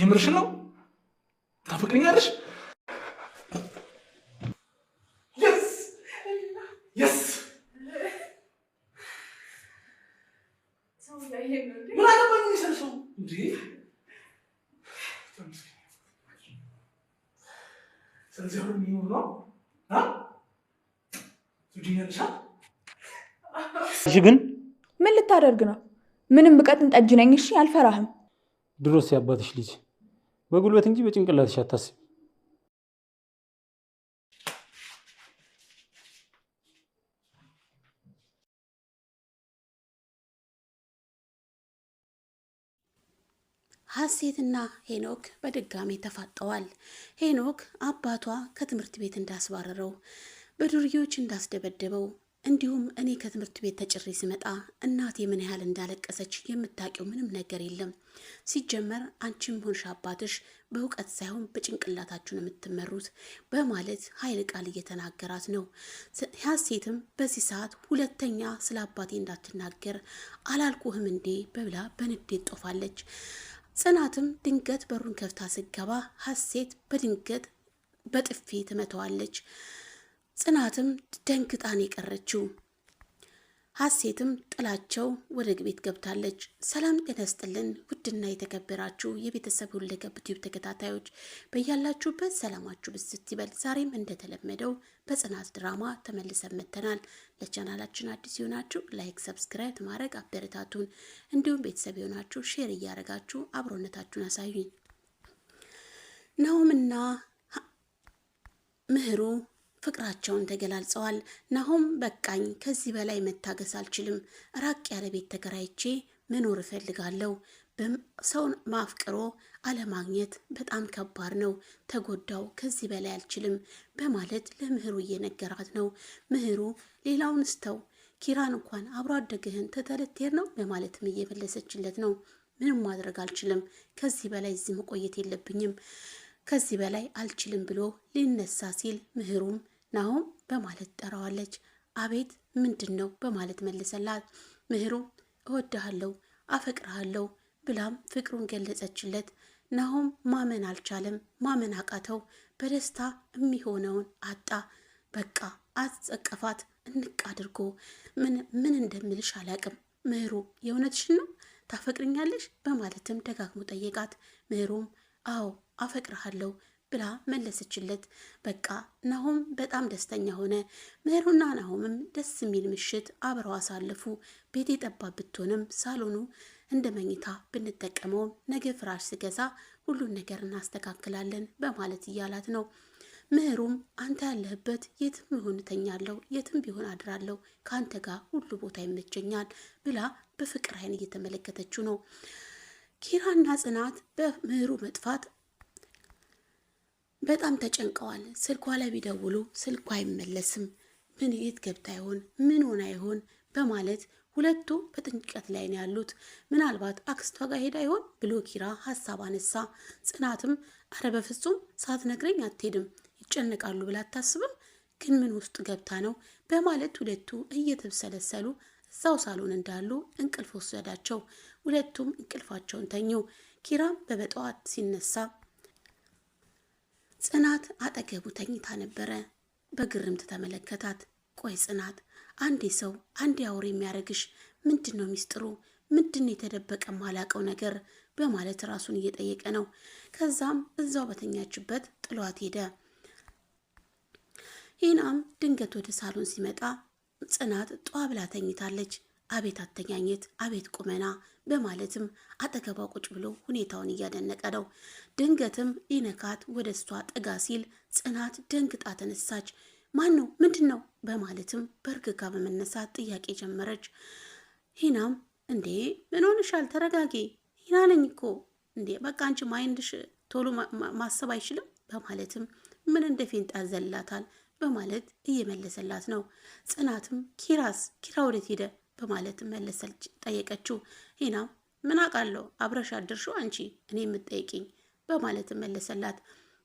የምርሽ ነው? ታፈቅኛለሽ? ስለዚህ አሁን የሚሆነው ትወጂኛለሻል። እሺ ግን ምን ልታደርግ ነው? ምንም ብቀጥን ጠጅ ነኝ። እሺ አልፈራህም። ድሮስ ያባትሽ ልጅ በጉልበት እንጂ በጭንቅላትሽ አታስብ። ሀሴትና ሄኖክ በድጋሚ ተፋጠዋል። ሄኖክ አባቷ ከትምህርት ቤት እንዳስባረረው፣ በዱርዬዎች እንዳስደበደበው እንዲሁም እኔ ከትምህርት ቤት ተጭሬ ስመጣ እናቴ ምን ያህል እንዳለቀሰች የምታውቂው ምንም ነገር የለም። ሲጀመር አንቺም ሆንሽ አባትሽ በእውቀት ሳይሆን በጭንቅላታችሁ ነው የምትመሩት በማለት ኃይል ቃል እየተናገራት ነው። ሀሴትም በዚህ ሰዓት ሁለተኛ ስለ አባቴ እንዳትናገር አላልኩህም እንዴ በብላ በንዴት ጦፋለች። ጽናትም ድንገት በሩን ከፍታ ስገባ ሀሴት በድንገት በጥፊ ትመተዋለች። ጽናትም ደንግጣን የቀረችው። ሀሴትም ጥላቸው ወደ ግቤት ገብታለች። ሰላም ጤና ይስጥልን ውድና የተከበራችሁ የቤተሰብ ሁለገብ ዩቲዩብ ተከታታዮች በያላችሁበት ሰላማችሁ ብስት ይበል። ዛሬም እንደተለመደው በጽናት ድራማ ተመልሰን መጥተናል። ለቻናላችን አዲስ የሆናችሁ ላይክ፣ ሰብስክራይብ ማድረግ አበረታቱን። እንዲሁም ቤተሰብ የሆናችሁ ሼር እያደረጋችሁ አብሮነታችሁን አሳዩኝ። ናሆምና ምህሩ ፍቅራቸውን ተገላልጸዋል። ናሆም በቃኝ፣ ከዚህ በላይ መታገስ አልችልም፣ ራቅ ያለ ቤት ተከራይቼ መኖር እፈልጋለሁ። ሰውን ማፍቅሮ አለማግኘት በጣም ከባድ ነው። ተጎዳው፣ ከዚህ በላይ አልችልም በማለት ለምህሩ እየነገራት ነው። ምህሩ ሌላውን ስተው ኪራን እንኳን አብሮ አደግህን ተተለቴር ነው በማለትም እየመለሰችለት ነው። ምንም ማድረግ አልችልም፣ ከዚህ በላይ እዚህ መቆየት የለብኝም፣ ከዚህ በላይ አልችልም ብሎ ሊነሳ ሲል ምህሩም ናሆም በማለት ጠራዋለች። አቤት ምንድን ነው በማለት መልሰላት ምህሩ እወድሃለሁ፣ አፈቅርሃለሁ ብላም ፍቅሩን ገለጸችለት። ናሆም ማመን አልቻለም። ማመን አቃተው። በደስታ የሚሆነውን አጣ። በቃ አስጸቀፋት እንቅ አድርጎ ምን እንደምልሽ አላቅም ምህሩ የእውነትሽን ነው ታፈቅርኛለሽ? በማለትም ደጋግሞ ጠየቃት። ምህሩም አዎ አፈቅርሃለሁ ብላ መለሰችለት። በቃ ናሆም በጣም ደስተኛ ሆነ። ምህሩና ናሆምም ደስ የሚል ምሽት አብረው አሳለፉ። ቤት ጠባብ ብትሆንም ሳሎኑ እንደ መኝታ ብንጠቀመውም ነገ ፍራሽ ስገዛ ሁሉን ነገር እናስተካክላለን በማለት እያላት ነው። ምህሩም አንተ ያለህበት የትም ይሁን እተኛለሁ፣ የትም ቢሆን አድራለሁ፣ ከአንተ ጋር ሁሉ ቦታ ይመቸኛል ብላ በፍቅር አይን እየተመለከተችው ነው። ኪራና ጽናት በምህሩ መጥፋት በጣም ተጨንቀዋል። ስልኳ ላይ ቢደውሉ ስልኳ አይመለስም። ምን የት ገብታ ይሆን? ምን ሆና ይሆን? በማለት ሁለቱ በጥንቀት ላይ ነው ያሉት። ምናልባት አክስቷ ጋር ሄዳ ይሆን ብሎ ኪራ ሀሳብ አነሳ። ጽናትም አረ በፍጹም ሳትነግረኝ አትሄድም፣ ይጨነቃሉ ብላ አታስብም፣ ግን ምን ውስጥ ገብታ ነው በማለት ሁለቱ እየተብሰለሰሉ እዛው ሳሎን እንዳሉ እንቅልፍ ወሰዳቸው። ሁለቱም እንቅልፋቸውን ተኙ። ኪራም በበጠዋት ሲነሳ ጽናት አጠገቡ ተኝታ ነበረ። በግርምት ተመለከታት። ቆይ ጽናት፣ አንዴ ሰው አንዴ አውሬ የሚያደርግሽ ምንድን ነው? ሚስጥሩ ምንድን ነው? የተደበቀ ማላቀው ነገር በማለት ራሱን እየጠየቀ ነው። ከዛም እዛው በተኛችበት ጥሏት ሄደ። ሂናም ድንገት ወደ ሳሎን ሲመጣ ጽናት ጧ ብላ ተኝታለች። አቤት አተኛኘት፣ አቤት ቁመና በማለትም አጠገቧ ቁጭ ብሎ ሁኔታውን እያደነቀ ነው። ድንገትም ሊነካት ወደ እሷ ጠጋ ሲል ጽናት ደንግጣ ተነሳች። ማን ነው? ምንድን ነው? በማለትም በእርግጋ በመነሳት ጥያቄ ጀመረች። ሂናም እንዴ ምን ሆንሻል? ተረጋጊ። ሂና ነኝ እኮ እንዴ በቃ አንቺ ማይንድሽ ቶሎ ማሰብ አይችልም በማለትም ምን እንደ ፊንጣ ዘላታል በማለት እየመለሰላት ነው። ጽናትም ኪራስ ኪራ ወዴት ሄደ? በማለት መለሰች ጠየቀችው። ሂናም ምን አውቃለሁ አብረሽ አድርሽው አንቺ እኔ የምጠይቅኝ በማለት መለሰላት።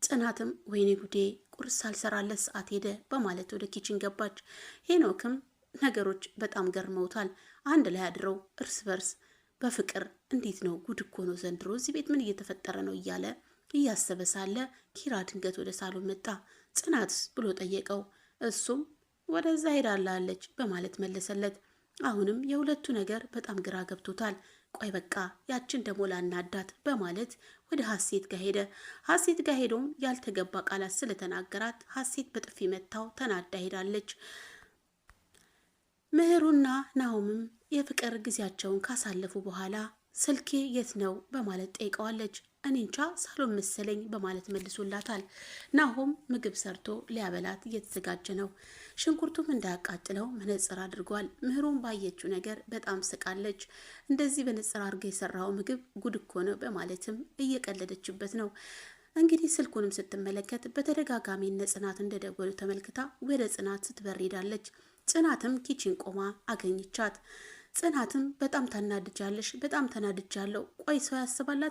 ጽናትም ወይኔ ጉዴ ቁርስ ሳልሰራለት ሰዓት ሄደ በማለት ወደ ኪችን ገባች። ሄኖክም ነገሮች በጣም ገርመውታል። አንድ ላይ አድረው እርስ በርስ በፍቅር እንዴት ነው ጉድ እኮ ነው ዘንድሮ እዚህ ቤት ምን እየተፈጠረ ነው እያለ እያሰበ ሳለ ኪራ ድንገት ወደ ሳሎን መጣ። ጽናትስ ብሎ ጠየቀው። እሱም ወደዛ ሄዳላለች በማለት መለሰለት። አሁንም የሁለቱ ነገር በጣም ግራ ገብቶታል። ቆይ በቃ ያችን ደሞ ላናዳት በማለት ወደ ሀሴት ጋር ሄደ። ሀሴት ጋር ሄዶም ያልተገባ ቃላት ስለተናገራት ሀሴት በጥፊ መታው ተናዳ ሄዳለች። ምህሩና ናሆምም የፍቅር ጊዜያቸውን ካሳለፉ በኋላ ስልኬ የት ነው በማለት ጠይቀዋለች። እኔ እንጃ ሳሎን መሰለኝ በማለት መልሶላታል። ናሆም ምግብ ሰርቶ ሊያበላት እየተዘጋጀ ነው። ሽንኩርቱም እንዳያቃጥለው መነጽር አድርጓል። ምህሩም ባየችው ነገር በጣም ስቃለች። እንደዚህ በነጽር አድርገ የሰራው ምግብ ጉድ እኮ ነው በማለትም እየቀለደችበት ነው። እንግዲህ ስልኩንም ስትመለከት በተደጋጋሚ እነ ጽናት እንደደወሉ ተመልክታ ወደ ጽናት ስትበር ሄዳለች። ጽናትም ኪችን ቆማ አገኘቻት። ጽናትም በጣም ታናድጃለሽ፣ በጣም ተናድጃለሁ። ቆይ ሰው ያስባል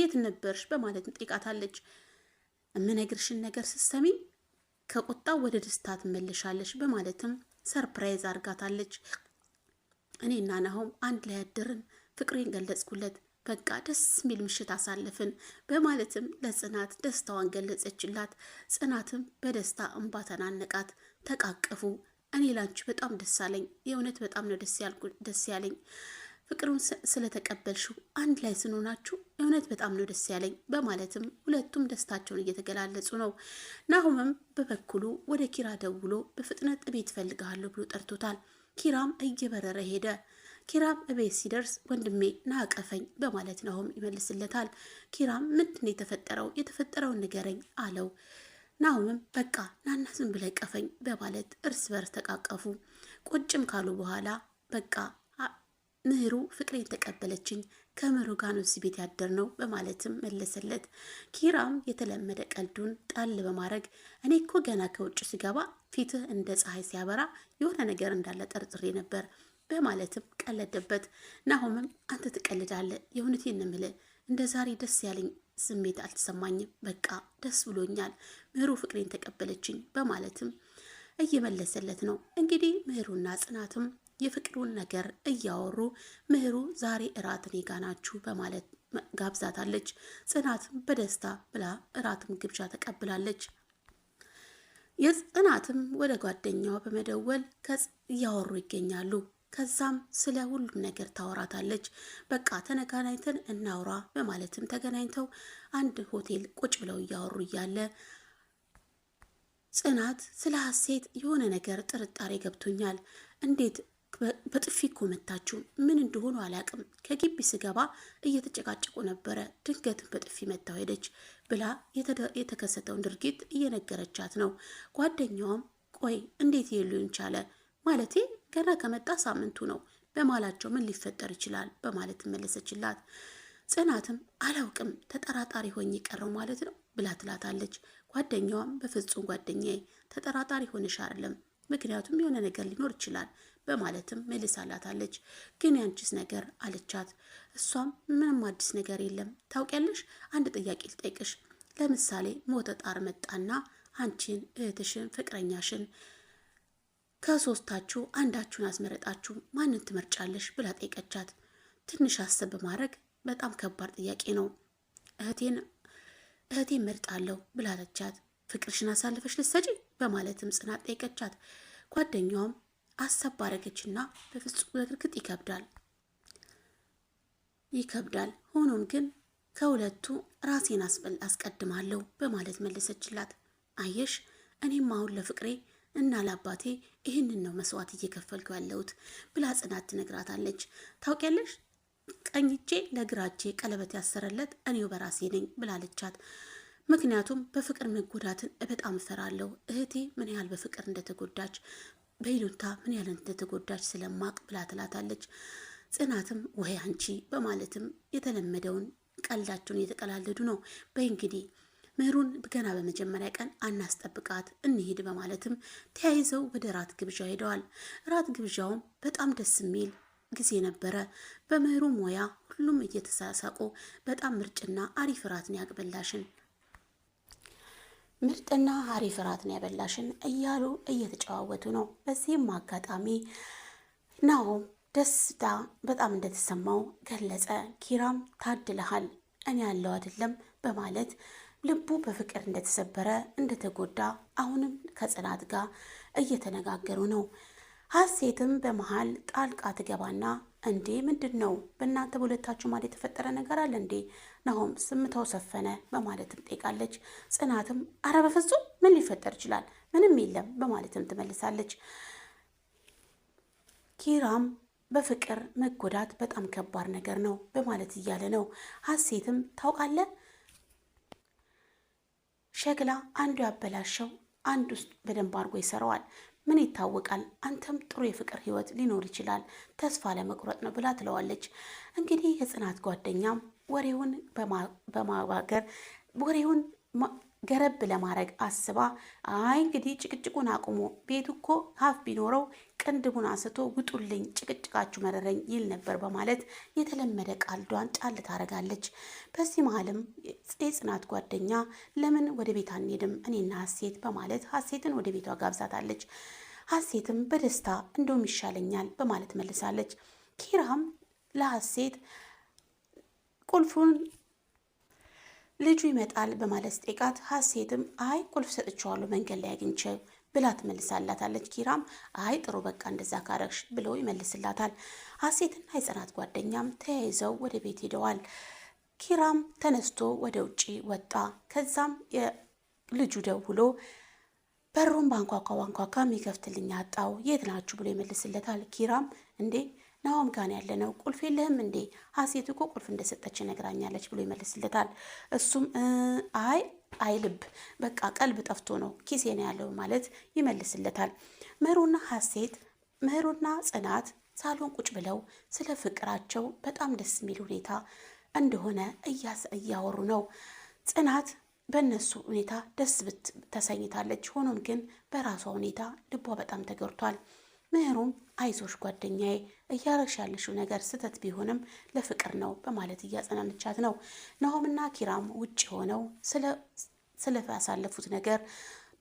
የት ነበርሽ? በማለት ጠይቃታለች። የምነግርሽን ነገር ስትሰሚ ከቁጣ ወደ ደስታ ትመልሻለሽ በማለትም ሰርፕራይዝ አርጋታለች። እኔና ናሆም አንድ ላይ ያደርን፣ ፍቅሬን ገለጽኩለት፣ በቃ ደስ የሚል ምሽት አሳለፍን በማለትም ለጽናት ደስታዋን ገለጸችላት። ጽናትም በደስታ እንባ ተናነቃት፣ ተቃቀፉ። እኔ ላንቺ በጣም ደስ አለኝ። የእውነት በጣም ነው ደስ ደስ ያለኝ ፍቅሩን ስለተቀበልሽው አንድ ላይ ስንሆናችሁ እውነት በጣም ነው ደስ ያለኝ በማለትም ሁለቱም ደስታቸውን እየተገላለጹ ነው። ናሁምም በበኩሉ ወደ ኪራ ደውሎ በፍጥነት እቤት እፈልግሃለሁ ብሎ ጠርቶታል። ኪራም እየበረረ ሄደ። ኪራም እቤት ሲደርስ ወንድሜ ናቀፈኝ በማለት ናሁም ይመልስለታል። ኪራም ምንድን ነው የተፈጠረው? የተፈጠረውን ንገረኝ አለው። ናሁምም በቃ ናና ዝም ብለህ ቀፈኝ በማለት እርስ በርስ ተቃቀፉ። ቁጭም ካሉ በኋላ በቃ ምህሩ ፍቅሬን ተቀበለችኝ፣ ከምህሩ ጋር ነው እዚህ ቤት ያደር ነው በማለትም መለሰለት። ኪራም የተለመደ ቀልዱን ጣል በማድረግ እኔ እኮ ገና ከውጭ ስገባ ፊትህ እንደ ፀሐይ ሲያበራ የሆነ ነገር እንዳለ ጠርጥሬ ነበር በማለትም ቀለደበት። ናሆምም አንተ ትቀልዳለህ፣ የእውነቴን ነው የምልህ እንደ ዛሬ ደስ ያለኝ ስሜት አልተሰማኝም። በቃ ደስ ብሎኛል፣ ምህሩ ፍቅሬን ተቀበለችኝ በማለትም እየመለሰለት ነው። እንግዲህ ምህሩና ጽናትም የፍቅሩን ነገር እያወሩ ምህሩ ዛሬ እራት እኔ ጋ ናችሁ በማለት ጋብዛታለች። ጽናትም በደስታ ብላ እራትም ግብዣ ተቀብላለች። የጽናትም ወደ ጓደኛዋ በመደወል እያወሩ ይገኛሉ። ከዛም ስለ ሁሉም ነገር ታወራታለች። በቃ ተነጋናኝተን እናውራ በማለትም ተገናኝተው አንድ ሆቴል ቁጭ ብለው እያወሩ እያለ ጽናት ስለ ሀሴት የሆነ ነገር ጥርጣሬ ገብቶኛል። እንዴት በጥፊ እኮ መታችሁ? ምን እንደሆኑ አላቅም። ከግቢ ስገባ እየተጨቃጨቁ ነበረ፣ ድንገት በጥፊ መታው ሄደች ብላ የተከሰተውን ድርጊት እየነገረቻት ነው። ጓደኛዋም ቆይ እንዴት ይሉን ቻለ ማለቴ ገና ከመጣ ሳምንቱ ነው፣ በማላቸው ምን ሊፈጠር ይችላል በማለት መለሰችላት። ጽናትም አላውቅም ተጠራጣሪ ሆኝ ቀረው ማለት ነው ብላ ትላታለች። ጓደኛዋም በፍጹም ጓደኛዬ ተጠራጣሪ ሆነሽ አይደለም፣ ምክንያቱም የሆነ ነገር ሊኖር ይችላል በማለትም መልሳላታለች። ግን ያንቺስ ነገር አለቻት። እሷም ምንም አዲስ ነገር የለም። ታውቂያለሽ፣ አንድ ጥያቄ ልጠይቅሽ። ለምሳሌ ሞተጣር መጣና አንቺን እህትሽን ፍቅረኛሽን ከሶስታችሁ አንዳችሁን አስመረጣችሁ ማንን ትመርጫለሽ ብላ ጠይቀቻት። ትንሽ አስብ በማድረግ በጣም ከባድ ጥያቄ ነው እህቴን እህቴን መርጣለሁ ብላለቻት። ፍቅርሽን አሳልፈሽ ልትሰጪ በማለትም ጽናት ጠይቀቻት። ጓደኛዋም አሰብ ባረገችና በፍጹም በእርግጥ ይከብዳል ይከብዳል፣ ሆኖም ግን ከሁለቱ ራሴን አስቀድማለሁ በማለት መለሰችላት። አየሽ እኔም አሁን ለፍቅሬ እና ለአባቴ ይህንን ነው መስዋዕት እየከፈልኩ ያለሁት ብላ ጽናት ትነግራታለች። ታውቂያለሽ ቀኝ እጄ ለግራ ቀለበት ያሰረለት እኔው በራሴ ነኝ ብላለቻት። ምክንያቱም በፍቅር መጎዳትን በጣም እፈራለሁ። እህቴ ምን ያህል በፍቅር እንደተጎዳች በይሉንታ ምን ያህል እንደተጎዳች ስለማቅ ብላ ትላታለች። ጽናትም ወይ አንቺ በማለትም የተለመደውን ቀልዳቸውን እየተቀላለዱ ነው። በይ እንግዲህ ምሩን ገና በመጀመሪያ ቀን አናስጠብቃት እንሄድ በማለትም ተያይዘው ወደ ራት ግብዣ ሄደዋል። ራት ግብዣውም በጣም ደስ የሚል ጊዜ ነበረ። በምህሩ ሞያ ሁሉም እየተሳሳቁ በጣም ምርጭና አሪፍ ራትን ያቅበላሽን ምርጥና አሪፍ ራትን ያበላሽን እያሉ እየተጨዋወቱ ነው። በዚህም አጋጣሚ ናሆም ደስታ በጣም እንደተሰማው ገለጸ። ኪራም ታድልሃል፣ እኔ ያለው አይደለም በማለት ልቡ በፍቅር እንደተሰበረ እንደተጎዳ አሁንም ከጽናት ጋር እየተነጋገሩ ነው። ሀሴትም በመሀል ጣልቃ ትገባና እንዴ ምንድን ነው በእናንተ በሁለታችሁ ማለት የተፈጠረ ነገር አለ እንዴ? ናሆም ስምተው ሰፈነ በማለትም ጠይቃለች። ጽናትም አረ በፍጹም ምን ሊፈጠር ይችላል? ምንም የለም በማለትም ትመልሳለች። ኪራም በፍቅር መጎዳት በጣም ከባድ ነገር ነው በማለት እያለ ነው። ሀሴትም ታውቃለህ ሸክላ አንዱ ያበላሸው አንድ ውስጥ በደንብ አድርጎ ይሰራዋል። ምን ይታወቃል፣ አንተም ጥሩ የፍቅር ህይወት ሊኖር ይችላል፣ ተስፋ ለመቁረጥ ነው ብላ ትለዋለች። እንግዲህ የጽናት ጓደኛም ወሬውን በማባገር ወሬውን ገረብ ለማድረግ አስባ አይ እንግዲህ ጭቅጭቁን አቁሞ ቤቱ እኮ ሀፍ ቢኖረው ቅንድቡን አንስቶ ውጡልኝ፣ ጭቅጭቃችሁ መረረኝ ይል ነበር በማለት የተለመደ ቃልዷን ጫል ታደርጋለች። በዚህ መሀልም የጽናት ጓደኛ ለምን ወደ ቤት አንሄድም እኔና ሀሴት በማለት ሀሴትን ወደ ቤቷ ጋብዛታለች። ሀሴትም በደስታ እንደውም ይሻለኛል በማለት መልሳለች። ኪራም ለሀሴት ቁልፉን ልጁ ይመጣል በማለት ስጠይቃት ሀሴትም አይ ቁልፍ ሰጥቼዋለሁ መንገድ ላይ አግኝቼው ብላ ትመልሳላታለች። ኪራም አይ ጥሩ በቃ እንደዛ ካረግሽ ብሎ ይመልስላታል። ሀሴትና የጽናት ጓደኛም ተያይዘው ወደ ቤት ሄደዋል። ኪራም ተነስቶ ወደ ውጪ ወጣ። ከዛም ልጁ ደውሎ በሩን ባንኳኳ ባንኳካ የሚከፍትልኝ አጣው የት ናችሁ ብሎ ይመልስለታል። ኪራም እንዴ ናሆም ጋን ያለ ነው። ቁልፍ የለህም እንዴ? ሀሴት እኮ ቁልፍ እንደሰጠች ነግራኛለች ብሎ ይመልስለታል። እሱም አይ አይልብ በቃ ቀልብ ጠፍቶ ነው ኪሴ ነው ያለው ማለት ይመልስለታል። ምህሩና ሀሴት ምህሩና ጽናት ሳሎን ቁጭ ብለው ስለ ፍቅራቸው በጣም ደስ የሚል ሁኔታ እንደሆነ እያወሩ ነው። ጽናት በእነሱ ሁኔታ ደስ ብት ተሰኝታለች። ሆኖም ግን በራሷ ሁኔታ ልቧ በጣም ተገርቷል። ምህሩም አይዞሽ ጓደኛዬ ያለሽው ነገር ስህተት ቢሆንም ለፍቅር ነው በማለት እያጸናንቻት ነው። ናሆምና ኪራም ውጭ ሆነው ስለያሳለፉት ነገር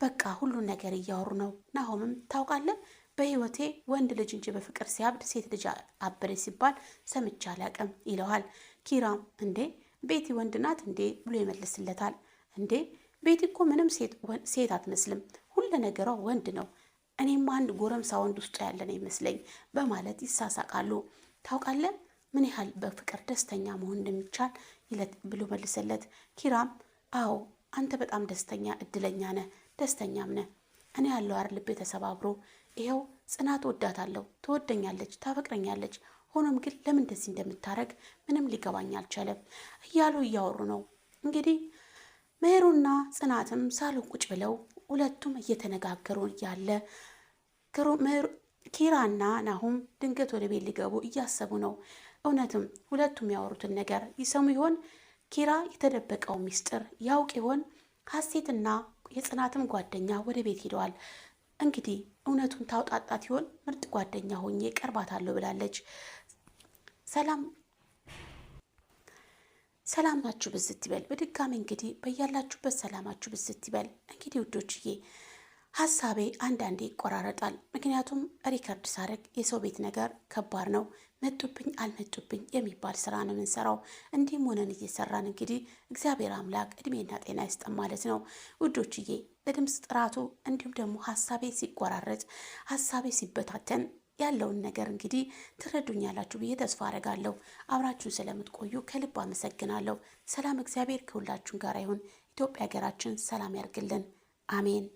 በቃ ሁሉን ነገር እያወሩ ነው። ናሆምም ታውቃለህ በህይወቴ ወንድ ልጅ እንጂ በፍቅር ሲያብድ ሴት ልጅ አበደ ሲባል ሰምቼ አላቅም ይለዋል። ኪራም እንዴ ቤቲ ወንድ ናት እንዴ ብሎ ይመልስለታል። እንዴ ቤቲ እኮ ምንም ሴት አትመስልም፣ ሁለ ነገሯ ወንድ ነው እኔም አንድ ጎረምሳ ወንድ ውስጥ ያለን ይመስለኝ በማለት ይሳሳቃሉ። ታውቃለህ ምን ያህል በፍቅር ደስተኛ መሆን እንደሚቻል ይለት ብሎ መልሰለት። ኪራም አዎ አንተ በጣም ደስተኛ እድለኛ ነህ፣ ደስተኛም ነህ። እኔ ያለው አይደል ልቤ ተሰባብሮ ይኸው ጽናት ወዳታለሁ፣ ትወደኛለች፣ ታፈቅረኛለች። ሆኖም ግን ለምን እንደዚህ እንደምታረግ ምንም ሊገባኝ አልቻለም እያሉ እያወሩ ነው። እንግዲህ ምሄሩና ጽናትም ሳሎን ቁጭ ብለው ሁለቱም እየተነጋገሩ ያለ ኪራና ናሁም ድንገት ወደ ቤት ሊገቡ እያሰቡ ነው። እውነትም ሁለቱም ያወሩትን ነገር ይሰሙ ይሆን? ኪራ የተደበቀው ሚስጥር ያውቅ ይሆን? ሀሴትና የጽናትም ጓደኛ ወደ ቤት ሄደዋል። እንግዲህ እውነቱን ታውጣጣት ይሆን? ምርጥ ጓደኛ ሆኜ ቀርባታለሁ ብላለች ሰላም ሰላማችሁ ብዝት ይበል። በድጋሚ እንግዲህ በያላችሁበት ሰላማችሁ ብዝት ይበል። እንግዲህ ውዶችዬ ሀሳቤ አንዳንዴ ይቆራረጣል። ምክንያቱም ሪከርድ ሳረግ የሰው ቤት ነገር ከባድ ነው። መጡብኝ አልመጡብኝ የሚባል ስራ ነው የምንሰራው። እንዲህም ሆነን እየሰራን እንግዲህ እግዚአብሔር አምላክ እድሜና ጤና ይስጠን ማለት ነው ውዶችዬ። ለድምፅ ጥራቱ እንዲሁም ደግሞ ሀሳቤ ሲቆራረጥ ሀሳቤ ሲበታተን ያለውን ነገር እንግዲህ ትረዱኛላችሁ ብዬ ተስፋ አደርጋለሁ አብራችሁን ስለምትቆዩ ከልብ አመሰግናለሁ። ሰላም፣ እግዚአብሔር ከሁላችሁን ጋር ይሁን። ኢትዮጵያ ሀገራችን ሰላም ያርግልን። አሜን።